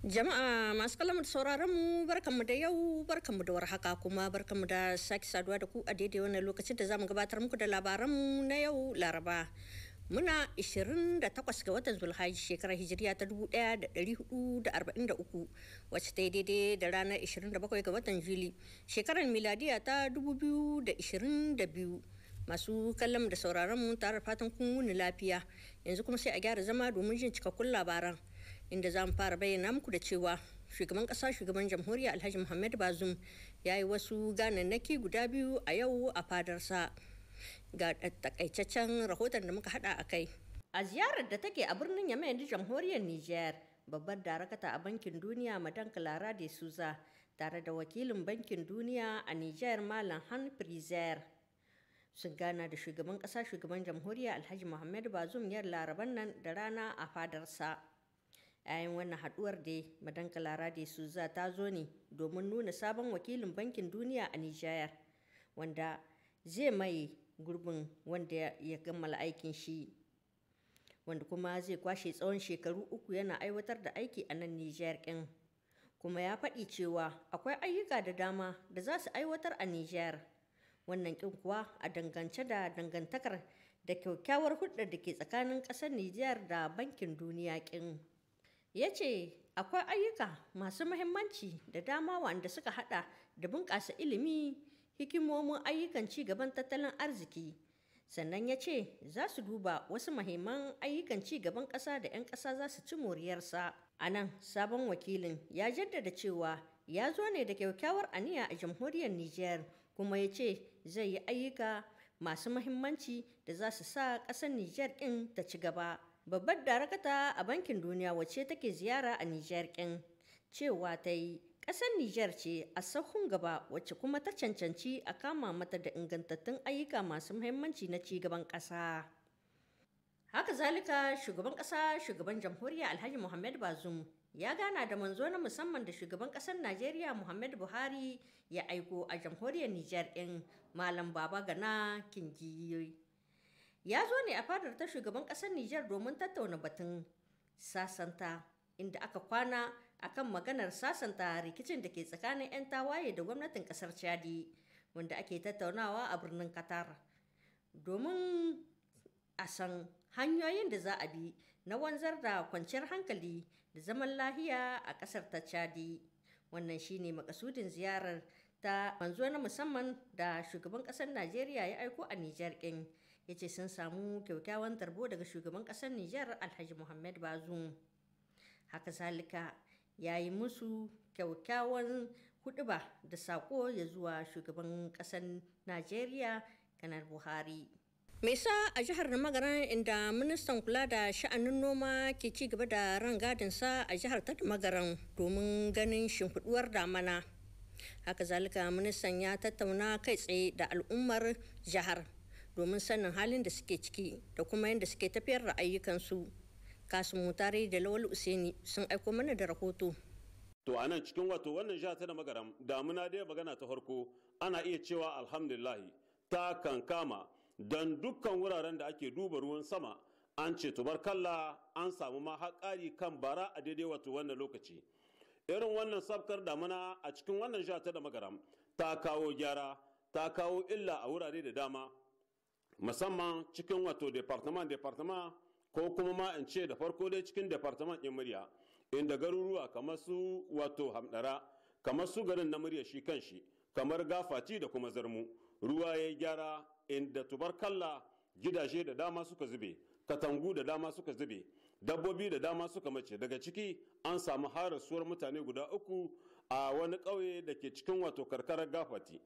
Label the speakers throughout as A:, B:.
A: Jama'a masu kalamar sauraron mu barkanmu da yau barkanmu da warhaka kuma barkanmu da sake saduwa da ku a daidai wannan lokacin da zamu gabatar muku da labaran mu na yau Laraba. Muna 28 ga watan Zulhaji shekarar Hijiriya ta 1443 wacce ta yi daidai da ranar 27 ga watan Juli shekarar miladiya ta 2022. masu kallon da sauraron mu tare fatan kun wuni lafiya yanzu kuma sai a gyara zama domin jin cikakkun labaran inda za mu fara bayyana muku da cewa shugaban kasa shugaban jamhuriya alhaji muhammad bazum ya yi wasu ganannaki guda biyu a yau a fadarsa ga takaicaccen rahoton da muka hada a kai a ziyarar da take a birnin yamai da jamhuriyar niger babbar darakata a bankin duniya madan clara de souza tare da wakilin bankin duniya a niger malam han prizer sun gana da shugaban kasa shugaban jamhuriya alhaji muhammad bazum yar laraban nan da rana a fadarsa yayin wannan haduwar dai madan clara de za ta zo ne domin nuna sabon wakilin bankin duniya a nijar wanda zai mai gurbin wanda ya kammala aikin shi wanda kuma zai kwashe tsawon shekaru uku yana aiwatar da aiki a nan nijar kin kuma ya faɗi cewa akwai ayyuka da dama da za su aiwatar a nijar wannan kin kuwa a dangance da dangantakar da kyakkyawar hulɗar da ke tsakanin ƙasar nijar da bankin duniya ƙin. ya ce akwai ayyuka masu muhimmanci da dama wanda suka hada da bunƙasa ilimi hikimomin ayyukan ci gaban tattalin arziki sannan ya ce za su duba wasu mahimman ayyukan ci gaban ƙasa da 'yan ƙasa za su ci moriyarsa a nan sabon wakilin ya jaddada cewa ya zo ne da kyakkyawar aniya a jamhuriyar niger kuma ya ce zai yi ayyuka masu muhimmanci da za su sa ƙasar niger ɗin ta ci gaba babbar darakata a bankin duniya wacce take ziyara a Nijar kin cewa ta yi ƙasar Nijar ce a sahun gaba wacce kuma ta cancanci a kama mata da ingantattun ayyuka masu muhimmanci na cigaban ƙasa. Haka zalika shugaban ƙasa shugaban jamhuriya Alhaji Muhammad Bazum ya gana da manzo na musamman da shugaban ƙasar Najeriya Muhammad Buhari ya aiko a jamhuriyar Nijar ɗin Malam Baba Gana Kingiyoyi. ya zo ne a fadar ta shugaban ƙasar Nijar domin tattauna batun sasanta inda aka kwana akan maganar sasanta rikicin da ke tsakanin 'yan tawaye da gwamnatin ƙasar Chadi wanda ake tattaunawa a birnin Qatar domin a san hanyoyin da za a bi na wanzar da kwanciyar hankali da zaman lahiya a ƙasar ta chadi wannan shine makasudin ziyarar ta manzo na musamman da shugaban ƙasar najeriya ya aiko a nijar ɗin ya ce sun samu kyaukyawan tarbo daga shugaban ƙasar nijar alhaji muhammad bazoum haka salika ya yi musu kyaukyawan huɗuba da sako ya zuwa shugaban ƙasar najeriya kanar buhari mai sa a jihar Magaran inda ministan kula da sha'anin noma ke ci gaba da ran rangadinsa a jihar ta Magaran domin ganin shimfiduwar damana. Haka zalika ministan ya tattauna kai tsaye da al'ummar jihar. domin sanin halin da suke ciki da kuma yadda suke tafiyar da ayyukansu kasim mutare da lawal useni sun aiko mana da rahoto
B: to a nan cikin wato wannan shata ta da magaram damuna da ya magana ta farko ana iya cewa alhamdulillahi ta kan kama don dukkan wuraren da ake duba ruwan sama an ce tubarkalla an samu ma haƙari kan bara a daidai wato wannan lokaci irin wannan sabkar damuna a cikin wannan shata ta da magaram ta kawo gyara ta kawo illa a wurare da dama musamman cikin wato departement departement ko kuma ma in ce da farko dai cikin departement ɗin murya inda garuruwa kamar su wato hamdara kamar su garin na murya shi kan shi kamar gafati da kuma zarmu ruwa ya gyara inda tubarkalla gidaje da dama suka zube katangu da dama suka zube dabbobi da dama suka mace daga ciki an samu harasuwar mutane guda uku a wani ƙauye da ke cikin wato karkarar gafati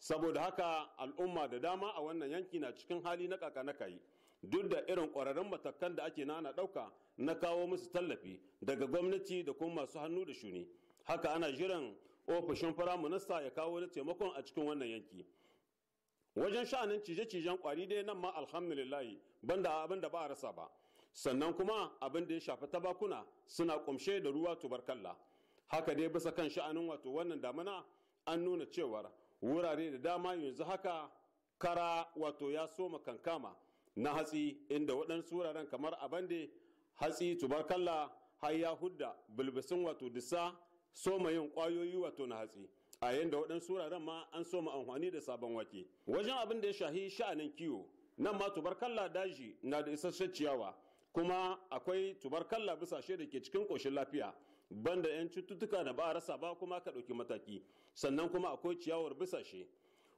B: saboda haka al'umma da dama a wannan yanki na cikin hali na kaka na kai duk da irin ƙwararrun matakan da ake nana ɗauka na kawo musu tallafi daga gwamnati da kuma masu hannu da shuni haka ana jiran ofishin firaminista ya kawo na taimakon a cikin wannan yanki wajen sha'anin cije-cijen kwari dai nan ma alhamdulillahi banda abin da ba a rasa ba sannan kuma abin da ya shafi tabakuna suna kumshe da ruwa tubarkalla haka dai bisa kan sha'anin wato wannan damana an nuna cewar wurare da dama yanzu haka kara wato ya soma kankama na hatsi inda waɗansu wuraren kamar abande hatsi tubarkalla har ya hudda bulbisin wato disa soma yin ƙwayoyi wato na hatsi a yanda waɗansu wuraren ma an soma amfani da sabon wake wajen abin da ya shahi sha'anin kiwo nan ma tubarkalla daji na da isasshen ciyawa kuma akwai tubarkalla bisashe da ke cikin ƙoshin lafiya banda 'yan cututtuka da ba a rasa ba kuma ka ɗauki mataki sannan kuma akwai ciyawar bisashe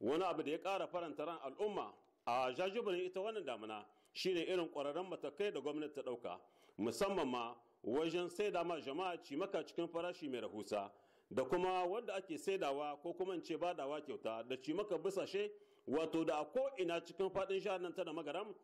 B: wani abu da ya ƙara faranta ran al'umma a jajibirin ita wannan damuna shine irin ƙwararren matakai da gwamnati ta ɗauka musamman ma wajen saida ma jama'a ci maka cikin farashi mai rahusa da kuma wanda ake saidawa ko kuma in ce badawa kyauta da ci maka bisashe wato da a ko ina cikin faɗin jihar nan ta da magaram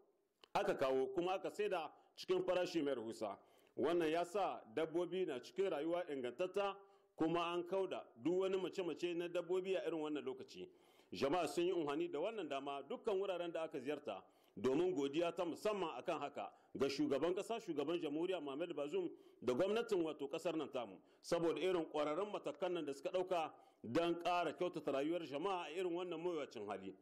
B: aka kawo kuma aka saida cikin farashi mai rahusa wannan ya sa dabbobi na cikin rayuwa ingantatta kuma an kauda duk wani mace-mace na dabbobi a irin wannan lokaci jama'a sun yi unhani da wannan dama dukkan wuraren da aka ziyarta domin godiya ta musamman akan haka ga shugaban kasa shugaban jamhuriya muhammadu bazum da gwamnatin wato kasar nan tamu saboda irin kwararrun matakan nan da suka dauka don kara kyautata rayuwar jama'a a irin wannan mawuyacin hali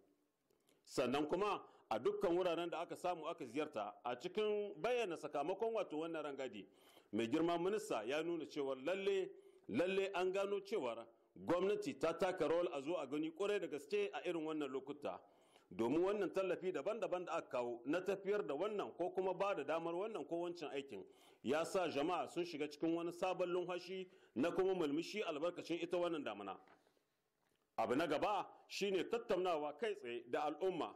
B: sannan kuma a dukkan wuraren da aka samu aka ziyarta a cikin bayyana sakamakon wato wannan rangadi mai girma minista ya nuna cewar lalle lalle an gano cewar gwamnati ta taka rawar a zo a gani kwarai da gaske a irin wannan lokuta domin wannan tallafi daban-daban da aka kawo na tafiyar da wannan ko kuma ba da damar wannan ko wancan aikin ya sa jama'a sun shiga cikin wani sabon lumhashi na kuma mulmushi albarkacin ita wannan damana abu na gaba shine tattaunawa kai tsaye da al'umma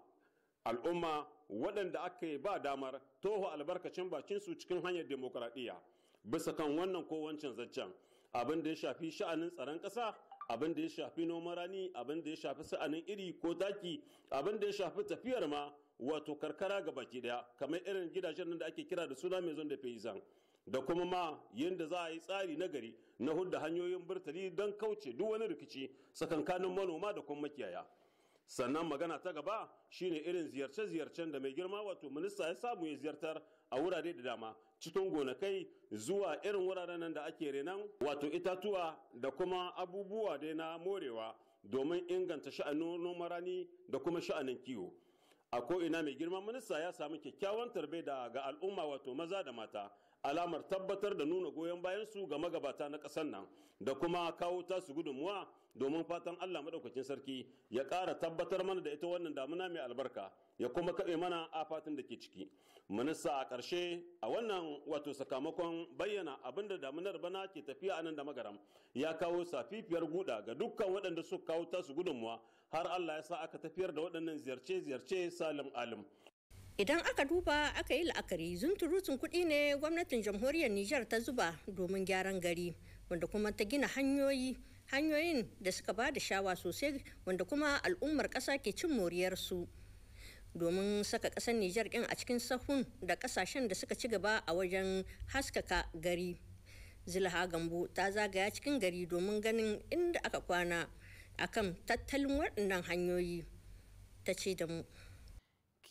B: al'umma waɗanda aka yi ba damar toho albarkacin bakinsu cikin hanyar demokuraɗiyya bisa kan wannan ko wancan zancen abin da ya shafi sha'anin tsaron ƙasa abin da ya shafi noman rani abin da ya shafi sa'anin iri ko taki abin da ya shafi tafiyar ma wato karkara ga baki daya kamar irin gidajen nan da ake kira da suna maison da paysan da kuma ma yadda za a yi tsari na gari na hudda hanyoyin burtali don kauce duk wani rikici tsakankanin manoma da kuma makiyaya sannan magana ta gaba shine irin ziyarce-ziyarcen da mai girma wato minista ya samu ya ziyartar a wurare da dama cikin gonakai zuwa irin wuraren nan da ake renan wato itatuwa da kuma abubuwa dai na morewa domin inganta sha'anin noman rani da kuma sha'anin kiwo a ko ina mai girma minista ya samu kyakkyawan tarbe da ga al'umma wato maza da mata alamar tabbatar da nuna goyon bayan su ga magabata na ƙasar nan da kuma kawo tasu gudunmuwa domin fatan Allah madaukakin sarki ya ƙara tabbatar mana da ita wannan damuna mai albarka ya kuma kaɓe mana afatin da ke ciki minista a ƙarshe a wannan wato sakamakon bayyana abinda da damunar bana ke tafiya a nan da magaram ya kawo safifiyar guda ga dukkan waɗanda suka kawo tasu gudunmuwa har allah ya sa aka tafiyar da waɗannan ziyarce-ziyarce salim alim
A: idan aka duba aka yi la'akari zunturutun kuɗi ne gwamnatin jamhuriyar nijar ta zuba domin gyaran gari wanda kuma ta gina hanyoyi hanyoyin da suka ba da shawa sosai wanda kuma al'ummar ƙasa ke cin moriyar su domin saka ƙasar nijar ɗin a cikin sahun da ƙasashen da suka ci gaba a wajen haskaka gari zulaha gambo ta zagaya cikin gari domin ganin inda aka kwana akan tattalin waɗannan hanyoyi ta ce da mu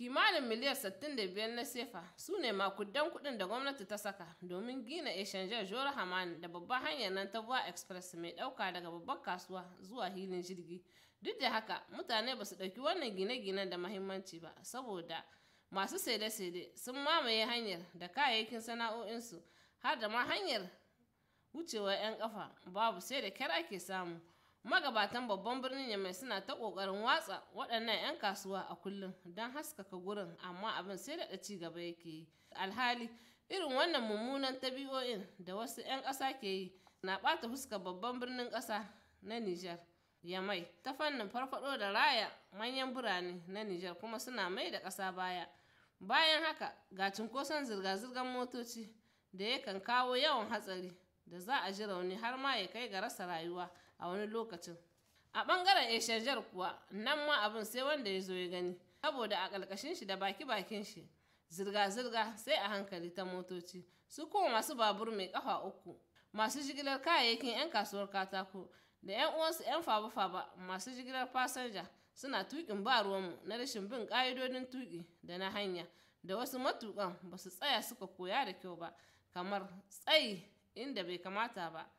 C: kimanin miliyan 65 na sefa su ne makudan kudin da gwamnati ta saka domin gina eshanjar jora haman da babban hanyar nan ta buwa express mai dauka daga babbar kasuwa zuwa hilin jirgi duk da haka mutane ba su ɗauki wannan gine-ginen da mahimmanci ba saboda masu saide-saide sun mamaye hanyar da kayayyakin sana'o'insu har da ma hanyar wucewa 'yan kafa babu sai da kyar ake samu magabatan babban birnin yamai suna ta kokarin watsa waɗannan 'yan kasuwa a kullum don haskaka gurin amma abin sai da ci gaba yake yi alhali irin wannan mummunan tabi'o'in da wasu 'yan ƙasa ke yi na ɓata fuskar babban birnin ƙasa na nijar yamai ta fannin farfaɗo da raya manyan birane na nijar kuma suna mai da ƙasa baya bayan haka ga cunkoson zirga-zirgar motoci da yakan kawo yawan hatsari da za a ji rauni har ma ya kai ga rasa rayuwa a wani lokacin a ɓangaren eshanjar kuwa nan ma abin sai wanda ya zo ya gani saboda a ƙalƙashin shi da baki bakin shi zirga-zirga sai a hankali ta motoci su kuma masu babur mai kafa uku masu jigilar kayayyakin 'yan kasuwar katako da 'yan uwansu 'yan faba-faba masu jigilar fasanja suna tukin ba ruwanmu na rashin bin ƙa'idodin tuki da na hanya da wasu matukan ba su tsaya suka koya da kyau ba kamar tsayi inda bai kamata ba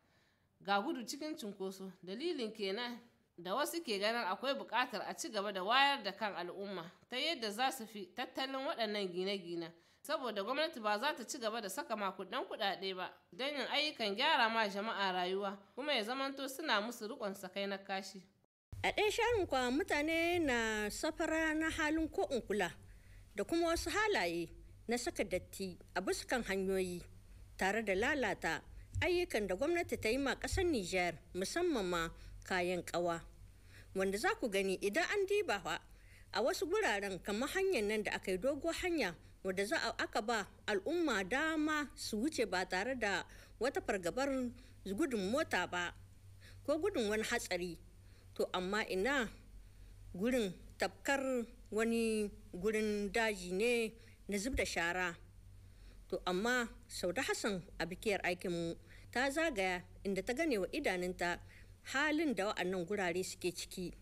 C: ga gudu cikin cunkoso dalilin kenan da wasu ke ganin akwai bukatar a ci gaba da wayar da kan al'umma ta yadda za su fi tattalin waɗannan gine-gine saboda gwamnati ba za ta ci gaba da saka makudan kuɗaɗe ba don yin ayyukan gyara ma jama'a rayuwa kuma ya zamanto suna musu riƙon sakai na kashi
A: a ɗaya sharin kwa mutane na safara na halin ko in kula da kuma wasu halaye na saka datti a buskan hanyoyi tare da lalata ayyukan da gwamnati ta yi ma kasar Nijar musamman ma kayan kawa Wanda za ku gani idan an diba ba a wasu guraren kamar hanyar nan da aka yi dogo hanya wadda za a aka ba al'umma dama su wuce ba tare da wata fargabar gudun mota ba ko gudun wani hatsari to amma ina gurin tafkar wani gurin daji ne na zub da shara to amma sau da hassan a bikiyar aikinmu ta zagaya inda ta gane wa idanunta halin da wa'annan gurare suke ciki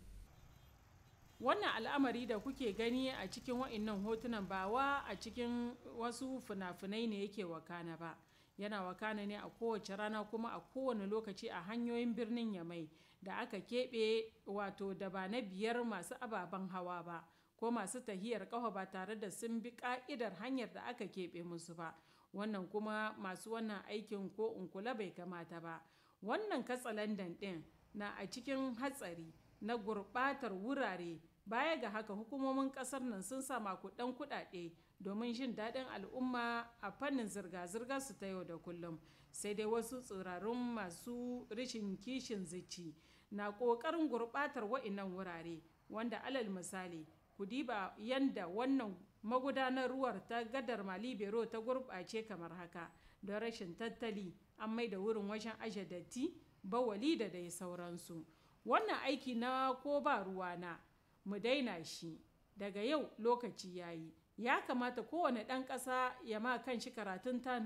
D: wannan al'amari da kuke gani a cikin wa'annan hotunan ba wa a cikin wasu fina-finai ne yake wakana ba yana wakana ne a kowace rana kuma a kowane lokaci a hanyoyin birnin yamai da aka keɓe wato da ba na biyar masu ababen hawa ba ko masu tahiyar ƙafa ba tare da sun bi ƙa'idar hanyar da aka keɓe musu ba wannan kuma masu wannan aikin ko in kula bai kamata ba wannan katsalandan ɗin na a cikin hatsari na gurɓatar wurare baya ga haka hukumomin ƙasar nan sun sa makudan kuɗaɗe domin jin daɗin al'umma a fannin zirga-zirgar su ta yau da kullum sai dai wasu tsirarun masu rishin kishin zici na ƙoƙarin gurɓatar wa'inan wurare wanda alal misali ku diba yanda wannan magudanar ruwar ta gadar malibero ta gurɓace kamar haka don rashin tattali an mai da wurin wajen aje datti bawali da dai sauransu wannan aiki na ko ba ruwa na mu daina shi daga yau lokaci ya yi ya kamata kowane ɗan ƙasa ya ma kan shi karatun ta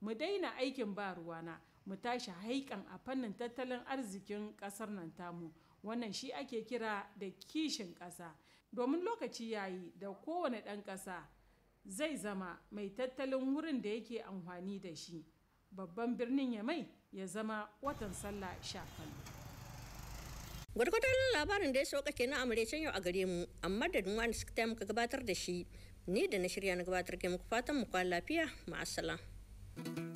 D: mu daina aikin ba ruwa na mu tashi haikan a fannin tattalin arzikin ƙasar nan tamu wannan shi ake kira da kishin ƙasa domin lokaci yayi da kowane ɗan ƙasa zai zama mai tattalin wurin da yake amfani da shi babban birnin ya mai ya zama watan sallah shafan
A: gwargwadon labarin da ya sauka na na can yau a gare mu amma da dunwa da suka muka gabatar da shi ni da na shirya na gabatar ke muku fatan mu kwan lafiya ma'asala.